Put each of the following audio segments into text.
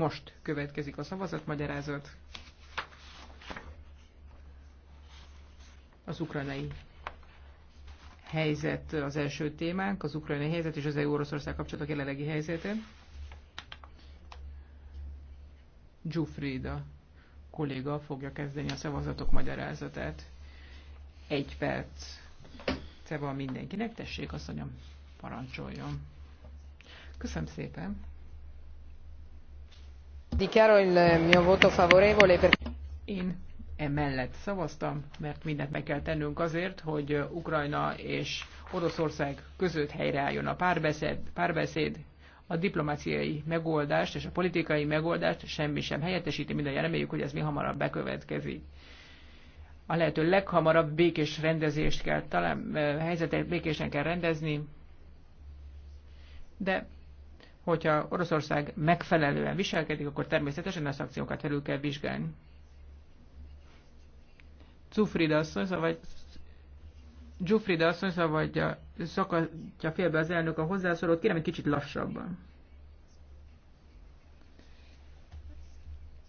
Most következik a szavazatmagyarázat. Az ukrajnai helyzet az első témánk, az ukrajnai helyzet és az EU-Oroszország kapcsolatok jelenlegi helyzete. Giuffrida kolléga fogja kezdeni a szavazatok magyarázatát. Egy perc. Te van mindenkinek, tessék asszonyom, parancsoljon. Köszönöm szépen. Dichiaro Én emellett szavaztam, mert mindent meg kell tennünk azért, hogy Ukrajna és Oroszország között helyreálljon a párbeszéd, párbeszéd a diplomáciai megoldást és a politikai megoldást semmi sem helyettesíti, mindannyian reméljük, hogy ez mi hamarabb bekövetkezik. A lehető leghamarabb békés rendezést kell, talán eh, helyzetet békésen kell rendezni, de hogyha Oroszország megfelelően viselkedik, akkor természetesen a szankciókat felül kell vizsgálni. Cufrida asszony, szóval- vagy Zsufrida asszony szóval- a szakadja félbe az elnök a hozzászólót, kérem egy kicsit lassabban.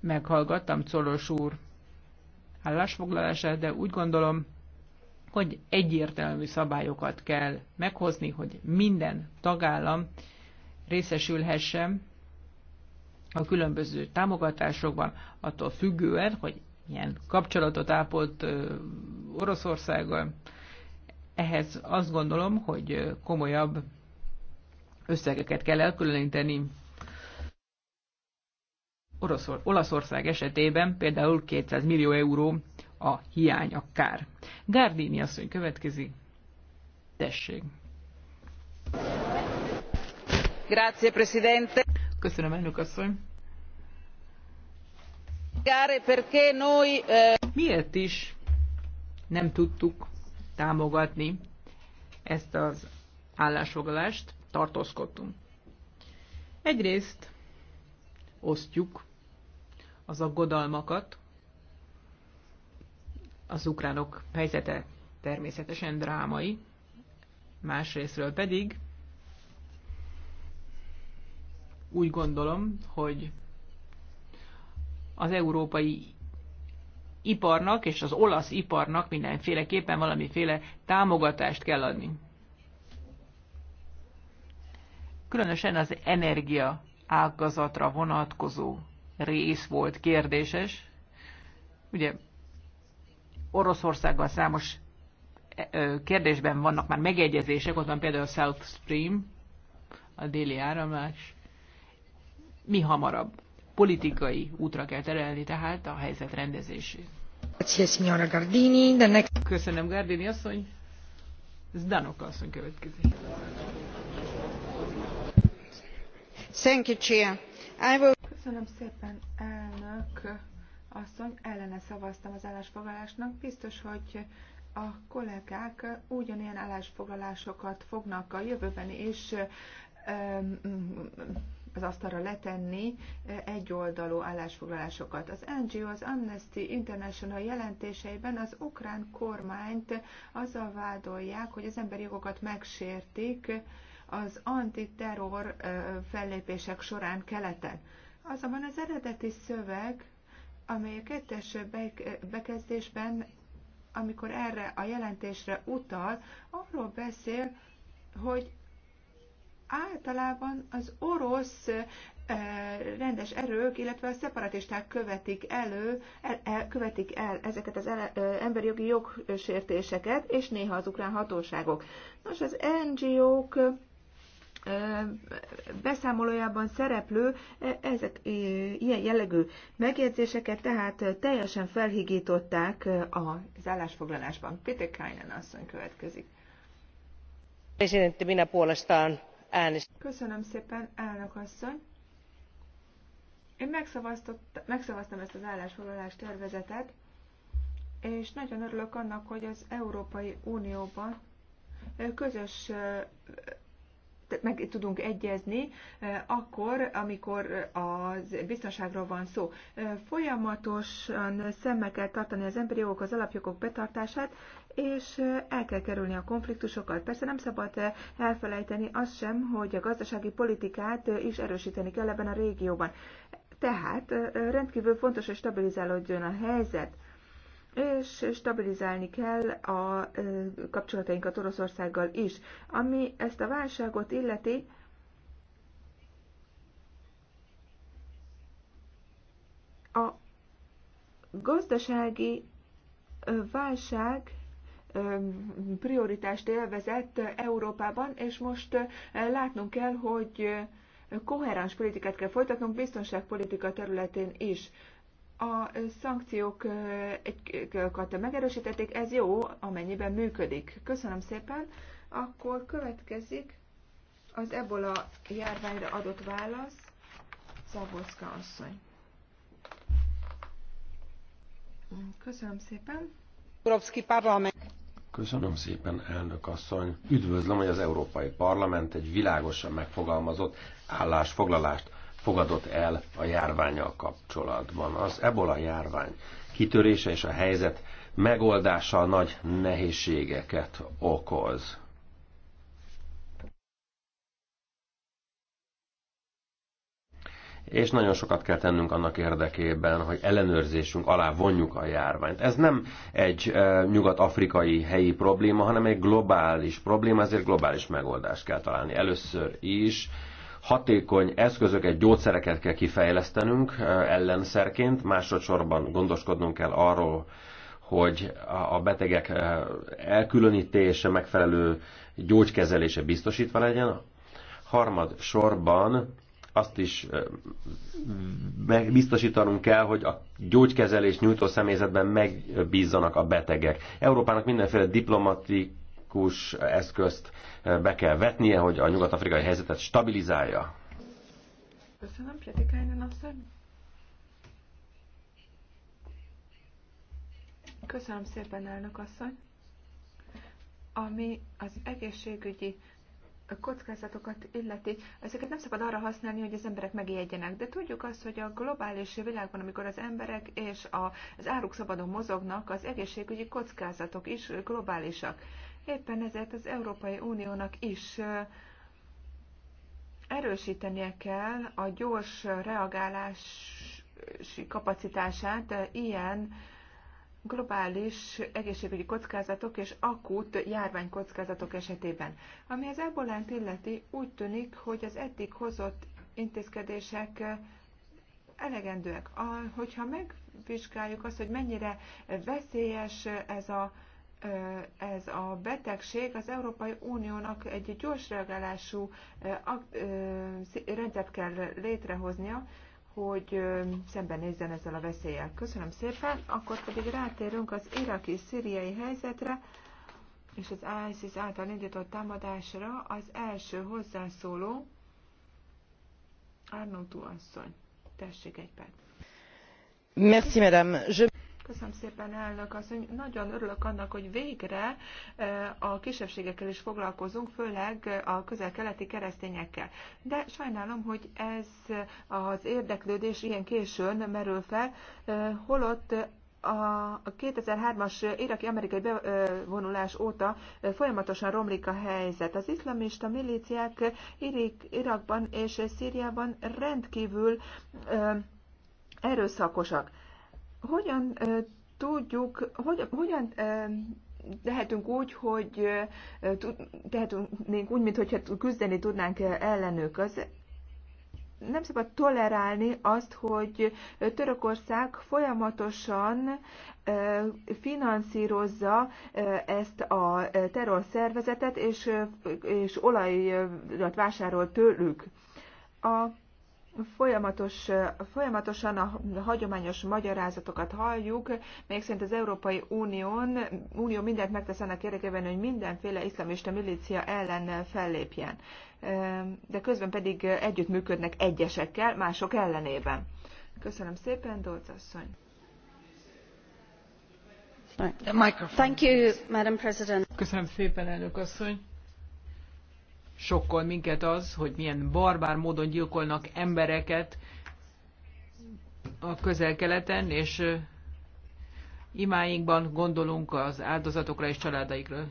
Meghallgattam Colos úr állásfoglalását, de úgy gondolom, hogy egyértelmű szabályokat kell meghozni, hogy minden tagállam részesülhessen a különböző támogatásokban, attól függően, hogy milyen kapcsolatot ápolt Oroszországgal. Ehhez azt gondolom, hogy komolyabb összegeket kell elkülöníteni. Oroszor, Olaszország esetében például 200 millió euró a hiány, a kár. Gárdini asszony következik. Tessék! Eh, Miért is nem tudtuk támogatni ezt az állásfoglalást, tartózkodtunk. Egyrészt osztjuk az aggodalmakat, az ukránok helyzete természetesen drámai, másrésztről pedig Úgy gondolom, hogy az európai iparnak és az olasz iparnak mindenféleképpen valamiféle támogatást kell adni. Különösen az energia ágazatra vonatkozó rész volt kérdéses. Ugye Oroszországgal számos e, kérdésben vannak már megegyezések, ott van például a South Stream, a déli áramlás mi hamarabb. Politikai útra kell terelni tehát a helyzet rendezését. Köszönöm, Gardini asszony. Zdanok asszony következik. Köszönöm szépen, elnök asszony. Ellene szavaztam az állásfoglalásnak. Biztos, hogy a kollégák ugyanilyen állásfoglalásokat fognak a jövőben is az asztalra letenni eh, egyoldalú állásfoglalásokat. Az NGO, az Amnesty International jelentéseiben az ukrán kormányt azzal vádolják, hogy az emberi jogokat megsértik az antiterror eh, fellépések során keleten. Azonban az eredeti szöveg, amely a kettes bekezdésben, amikor erre a jelentésre utal, arról beszél, hogy általában az orosz rendes erők, illetve a szeparatisták követik elő, el, el, követik el ezeket az ele, emberi jogi jogsértéseket, és néha az ukrán hatóságok. Nos, az NGO-k beszámolójában szereplő ezek ilyen jellegű megjegyzéseket, tehát teljesen felhigították az állásfoglalásban. Peter Kainen asszony következik. Presidentti minä puolestaan Köszönöm szépen, elnök asszony. Én megszavaztam ezt az állásfoglalás tervezetet, és nagyon örülök annak, hogy az Európai Unióban közös meg tudunk egyezni, akkor, amikor az biztonságról van szó. Folyamatosan szemmel kell tartani az emberi jogok, az alapjogok betartását, és el kell kerülni a konfliktusokat. Persze nem szabad elfelejteni azt sem, hogy a gazdasági politikát is erősíteni kell ebben a régióban. Tehát rendkívül fontos, hogy stabilizálódjon a helyzet, és stabilizálni kell a kapcsolatainkat Oroszországgal is. Ami ezt a válságot illeti, a gazdasági válság prioritást élvezett Európában, és most látnunk kell, hogy koherens politikát kell folytatnunk biztonságpolitika területén is. A szankciókat megerősítették, ez jó, amennyiben működik. Köszönöm szépen. Akkor következik az ebola járványra adott válasz. Szabolszka asszony. Köszönöm szépen. Európai Parlament Köszönöm szépen, elnök asszony. Üdvözlöm, hogy az Európai Parlament egy világosan megfogalmazott állásfoglalást fogadott el a járványjal kapcsolatban. Az ebola járvány kitörése és a helyzet megoldása nagy nehézségeket okoz. és nagyon sokat kell tennünk annak érdekében, hogy ellenőrzésünk alá vonjuk a járványt. Ez nem egy nyugat-afrikai helyi probléma, hanem egy globális probléma, ezért globális megoldást kell találni. Először is hatékony eszközöket, gyógyszereket kell kifejlesztenünk ellenszerként, másodszorban gondoskodnunk kell arról, hogy a betegek elkülönítése, megfelelő gyógykezelése biztosítva legyen. Harmad sorban azt is biztosítanunk kell, hogy a gyógykezelés nyújtó személyzetben megbízzanak a betegek. Európának mindenféle diplomatikus eszközt be kell vetnie, hogy a nyugat-afrikai helyzetet stabilizálja. Köszönöm, Pietikájnen asszony. Köszönöm szépen, elnök asszony. Ami az egészségügyi kockázatokat illeti, ezeket nem szabad arra használni, hogy az emberek megijedjenek. De tudjuk azt, hogy a globális világban, amikor az emberek és az áruk szabadon mozognak, az egészségügyi kockázatok is globálisak. Éppen ezért az Európai Uniónak is erősítenie kell a gyors reagálási kapacitását ilyen globális egészségügyi kockázatok és akut járványkockázatok esetében. Ami az ebolánt illeti, úgy tűnik, hogy az eddig hozott intézkedések eh, elegendőek. A, hogyha megvizsgáljuk azt, hogy mennyire veszélyes ez a, eh, ez a betegség, az Európai Uniónak egy gyors reagálású eh, rendszert kell létrehoznia, hogy szembenézzen ezzel a veszéllyel. Köszönöm szépen, akkor pedig rátérünk az iraki-szíriai helyzetre, és az ISIS által indított támadásra az első hozzászóló, Arnautú asszony. Tessék egy perc. Merci, madame. Je... Köszönöm szépen, elnök asszony. Nagyon örülök annak, hogy végre e, a kisebbségekkel is foglalkozunk, főleg a közel-keleti keresztényekkel. De sajnálom, hogy ez az érdeklődés ilyen későn merül fel, e, holott a 2003-as iraki amerikai bevonulás óta folyamatosan romlik a helyzet. Az iszlamista milíciák Irakban és Szíriában rendkívül e, erőszakosak hogyan tudjuk, hogy, hogyan tehetünk úgy, hogy tehetünk úgy, mintha küzdeni tudnánk ellenük. Az nem szabad tolerálni azt, hogy Törökország folyamatosan finanszírozza ezt a terrorszervezetet, és, és olajat vásárol tőlük. A folyamatos, folyamatosan a hagyományos magyarázatokat halljuk, még szerint az Európai Unión, Unió mindent megtesz annak érdekében, hogy mindenféle iszlamista milícia ellen fellépjen. De közben pedig együttműködnek egyesekkel, mások ellenében. Köszönöm szépen, Dolc asszony. Köszönöm szépen, elnök asszony sokkal minket az, hogy milyen barbár módon gyilkolnak embereket a közel-keleten, és imáinkban gondolunk az áldozatokra és családaikra.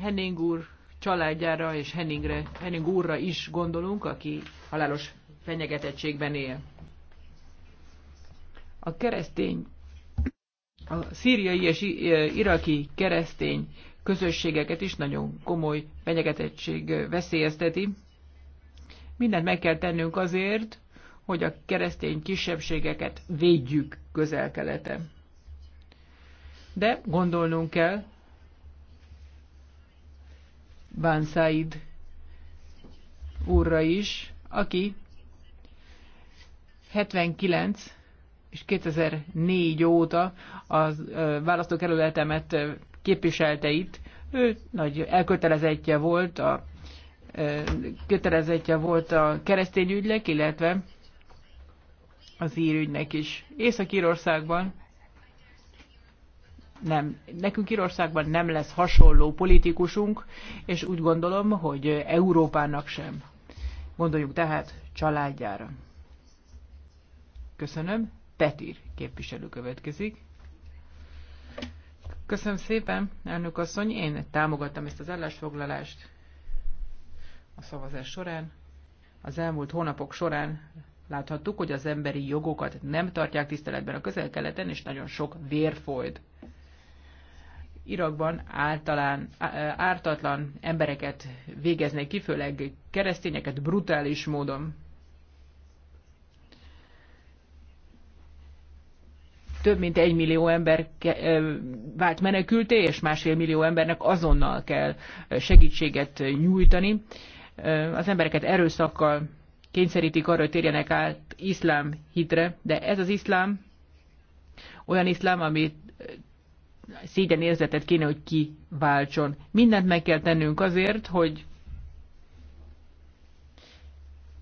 Henning úr családjára és Henningre, Henning úrra is gondolunk, aki halálos fenyegetettségben él. A keresztény, a szíriai és iraki keresztény közösségeket is nagyon komoly fenyegetettség veszélyezteti. Mindent meg kell tennünk azért, hogy a keresztény kisebbségeket védjük közel-keleten. De gondolnunk kell, Bánszáid úrra is, aki 79 és 2004 óta a választókerületemet képviselte itt. Ő nagy elkötelezettje volt a kötelezettje volt a keresztény ügynek, illetve az írügynek is. Észak-Írországban nem, nekünk Írországban nem lesz hasonló politikusunk, és úgy gondolom, hogy Európának sem. Gondoljuk tehát családjára. Köszönöm. Petir képviselő következik. Köszönöm szépen, elnök asszony. Én támogattam ezt az állásfoglalást a szavazás során. Az elmúlt hónapok során láthattuk, hogy az emberi jogokat nem tartják tiszteletben a közel-keleten, és nagyon sok vér folyt. Irakban általán, ártatlan embereket végeznek ki, főleg keresztényeket brutális módon. több mint egy millió ember vált menekülté, és másfél millió embernek azonnal kell segítséget nyújtani. Az embereket erőszakkal kényszerítik arra, hogy térjenek át iszlám hitre, de ez az iszlám olyan iszlám, amit szégyen érzetet kéne, hogy kiváltson. Mindent meg kell tennünk azért, hogy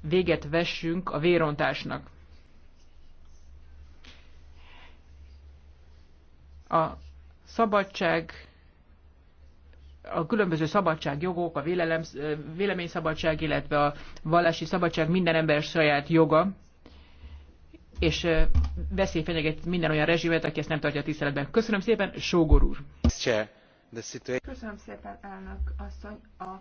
véget vessünk a vérontásnak. A szabadság, a különböző szabadságjogok, a vélelem, véleményszabadság, illetve a vallási szabadság minden ember saját joga, és veszély fenyeget minden olyan rezsimet, aki ezt nem tartja a tiszteletben. Köszönöm szépen, Sógor úr! Köszönöm szépen, elnök asszony! A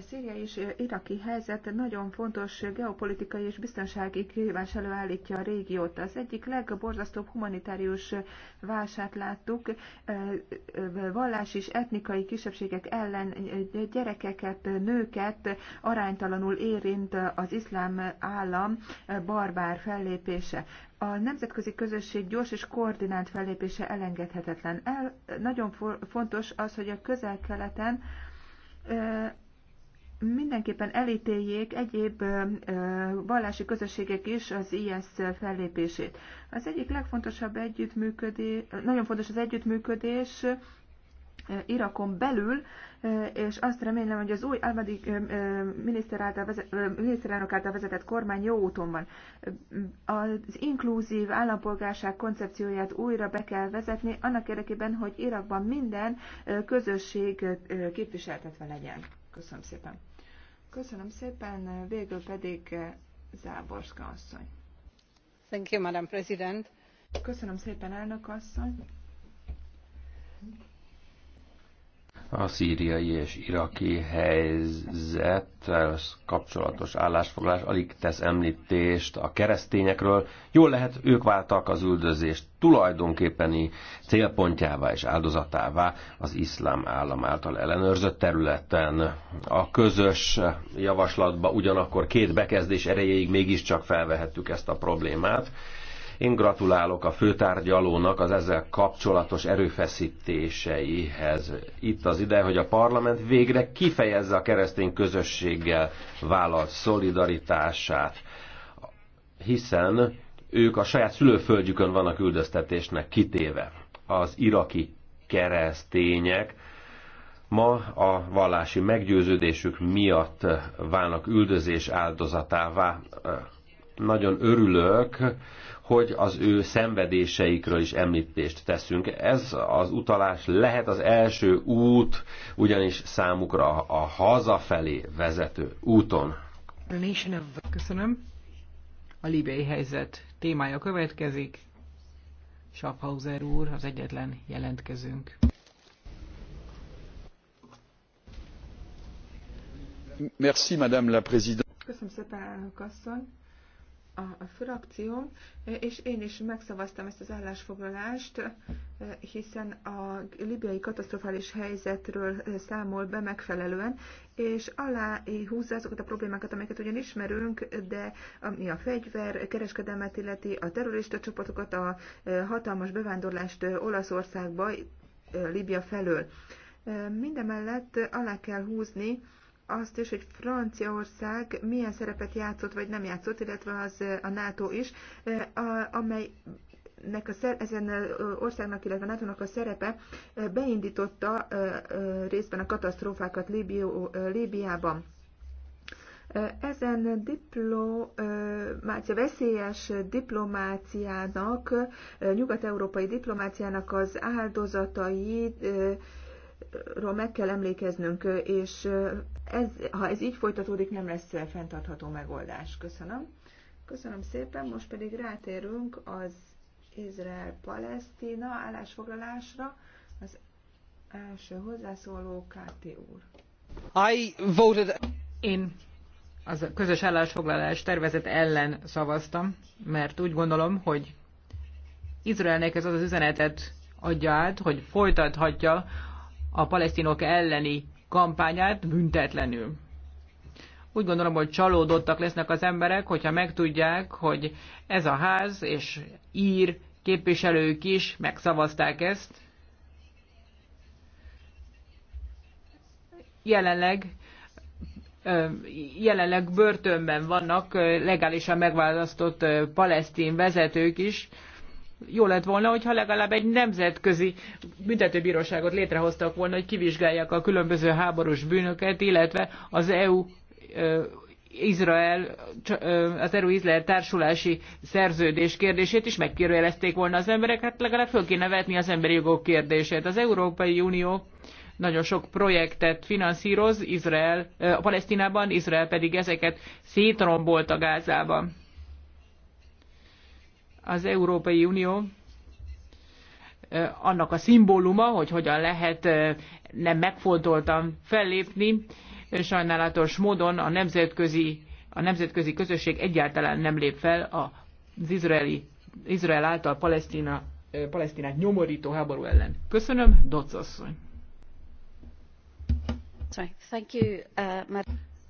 Szíria és iraki helyzet nagyon fontos geopolitikai és biztonsági kihívás előállítja a régiót. Az egyik legborzasztóbb humanitárius válságot láttuk, vallás és etnikai kisebbségek ellen gyerekeket, nőket aránytalanul érint az iszlám állam barbár fellépése. A nemzetközi közösség gyors és koordinált fellépése elengedhetetlen. El, nagyon fontos az, hogy a közel-keleten mindenképpen elítéljék egyéb vallási közösségek is az IS fellépését. Az egyik legfontosabb együttműködés, nagyon fontos az együttműködés Irakon belül, és azt remélem, hogy az új Almadi miniszter által vezet, miniszterelnök által vezetett kormány jó úton van. Az inkluzív állampolgárság koncepcióját újra be kell vezetni, annak érdekében, hogy Irakban minden közösség képviseltetve legyen. Köszönöm szépen. Köszönöm szépen, végül pedig eh, Záborska asszony. Thank you, Madam President. Köszönöm szépen, elnök asszony a szíriai és iraki helyzettel kapcsolatos állásfoglalás alig tesz említést a keresztényekről. Jól lehet, ők váltak az üldözés tulajdonképpeni célpontjává és áldozatává az iszlám állam által ellenőrzött területen. A közös javaslatba ugyanakkor két bekezdés erejéig mégiscsak felvehettük ezt a problémát én gratulálok a főtárgyalónak az ezzel kapcsolatos erőfeszítéseihez. Itt az ide, hogy a parlament végre kifejezze a keresztény közösséggel vállalt szolidaritását, hiszen ők a saját szülőföldjükön vannak üldöztetésnek kitéve. Az iraki keresztények ma a vallási meggyőződésük miatt válnak üldözés áldozatává. Nagyon örülök, hogy az ő szenvedéseikről is említést teszünk. Ez az utalás lehet az első út, ugyanis számukra a hazafelé vezető úton. Köszönöm. A libei helyzet témája következik. Schaffhauser úr az egyetlen jelentkezünk. Merci, Madame la Présidente. Köszönöm szépen, elnök asszony a frakcióm, és én is megszavaztam ezt az állásfoglalást, hiszen a libiai katasztrofális helyzetről számol be megfelelően, és alá húzza azokat a problémákat, amiket ugyan ismerünk, de ami a fegyver, kereskedelmet illeti, a terrorista csoportokat, a hatalmas bevándorlást Olaszországba, Libia felől. Mindemellett alá kell húzni azt is, hogy Franciaország milyen szerepet játszott vagy nem játszott, illetve az a NATO is, amely nek a szer, ezen országnak, illetve nato a szerepe beindította részben a katasztrófákat Líbió, Líbiában. Ezen diplomácia, veszélyes diplomáciának, nyugat-európai diplomáciának az áldozatai ról meg kell emlékeznünk, és ez, ha ez így folytatódik, nem lesz fenntartható megoldás. Köszönöm. Köszönöm szépen, most pedig rátérünk az Izrael-Palesztina állásfoglalásra. Az első hozzászóló Káti úr. I voted... Én az közös állásfoglalás tervezet ellen szavaztam, mert úgy gondolom, hogy Izraelnek ez az, az üzenetet adja át, hogy folytathatja a palesztinok elleni kampányát büntetlenül. Úgy gondolom, hogy csalódottak lesznek az emberek, hogyha megtudják, hogy ez a ház és ír képviselők is megszavazták ezt. Jelenleg jelenleg börtönben vannak legálisan megválasztott palesztin vezetők is, jó lett volna, hogyha legalább egy nemzetközi büntetőbíróságot létrehoztak volna, hogy kivizsgálják a különböző háborús bűnöket, illetve az EU Izrael, az EU Izrael társulási szerződés kérdését is megkérdezték volna az emberek, hát legalább föl kéne vetni az emberi jogok kérdését. Az Európai Unió nagyon sok projektet finanszíroz Izrael, a Palesztinában, Izrael pedig ezeket szétrombolt a Gázában az Európai Unió annak a szimbóluma, hogy hogyan lehet nem megfontoltan fellépni. Sajnálatos módon a nemzetközi, a nemzetközi közösség egyáltalán nem lép fel az izraeli, Izrael által Palesztina, Palesztinát nyomorító háború ellen. Köszönöm, Dodds asszony. Uh,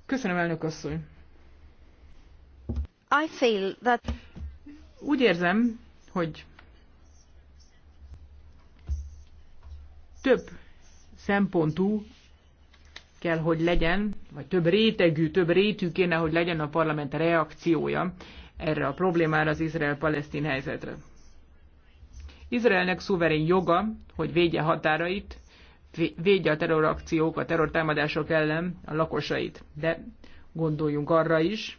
Köszönöm, elnök asszony. I feel that... Úgy érzem, hogy több szempontú kell, hogy legyen, vagy több rétegű, több rétű kéne, hogy legyen a parlament reakciója erre a problémára, az Izrael-Palesztin helyzetre. Izraelnek szuverén joga, hogy védje határait, védje a terrorakciók, a terrortámadások ellen a lakosait. De gondoljunk arra is,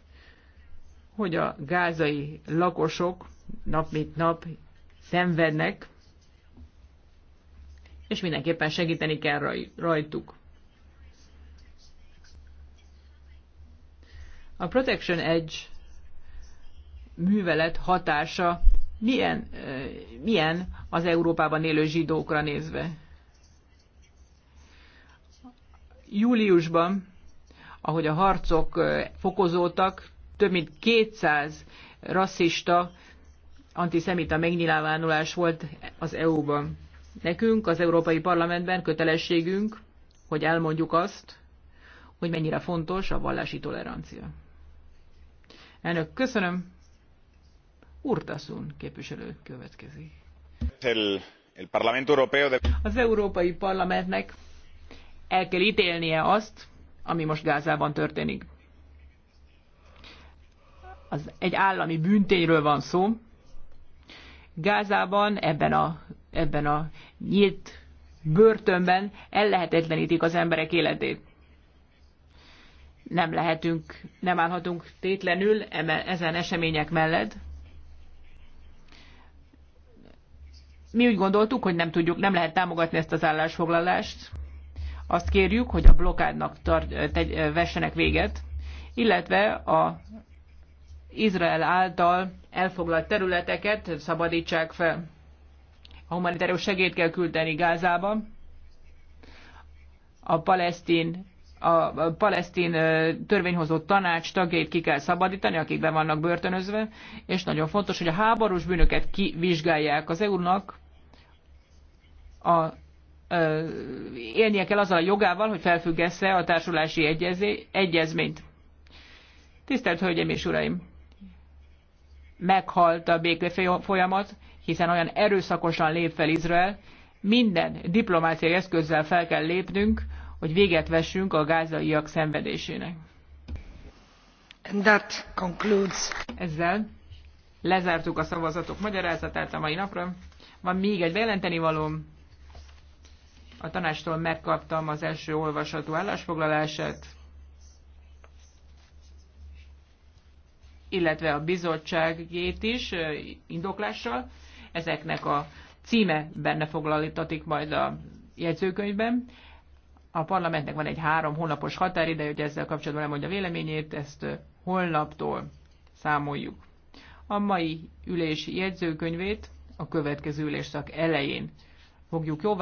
hogy a gázai lakosok nap mint nap szenvednek, és mindenképpen segíteni kell rajtuk. A Protection Edge művelet hatása milyen, milyen az Európában élő zsidókra nézve? Júliusban, ahogy a harcok fokozódtak, több mint 200 rasszista, antiszemita megnyilvánulás volt az EU-ban. Nekünk, az Európai Parlamentben kötelességünk, hogy elmondjuk azt, hogy mennyire fontos a vallási tolerancia. Elnök, köszönöm. Urtasun képviselő következik. Az Európai Parlamentnek el kell ítélnie azt, ami most Gázában történik az egy állami bűntényről van szó. Gázában, ebben a, ebben a nyílt börtönben ellehetetlenítik az emberek életét. Nem lehetünk, nem állhatunk tétlenül ezen események mellett. Mi úgy gondoltuk, hogy nem tudjuk, nem lehet támogatni ezt az állásfoglalást. Azt kérjük, hogy a blokádnak tart, te- vessenek véget, illetve a Izrael által elfoglalt területeket szabadítsák fel. A humanitárius segélyt kell küldeni Gázába. A palesztin a palesztin törvényhozó tanács tagjait ki kell szabadítani, akik be vannak börtönözve, és nagyon fontos, hogy a háborús bűnöket kivizsgálják az EU-nak, a, élnie kell azzal a jogával, hogy felfüggesse a társulási egyezé, egyezményt. Tisztelt Hölgyeim és Uraim! meghalt a béke folyamat, hiszen olyan erőszakosan lép fel Izrael, minden diplomáciai eszközzel fel kell lépnünk, hogy véget vessünk a gázaiak szenvedésének. And that concludes. Ezzel lezártuk a szavazatok magyarázatát a mai napra. Van még egy bejelenteni valóm. A tanástól megkaptam az első olvasatú állásfoglalását. illetve a bizottságét is indoklással. Ezeknek a címe benne foglalítatik majd a jegyzőkönyvben. A parlamentnek van egy három hónapos határideje, hogy ezzel kapcsolatban mondja véleményét, ezt holnaptól számoljuk. A mai ülés jegyzőkönyvét a következő ülésszak elején fogjuk jóvá.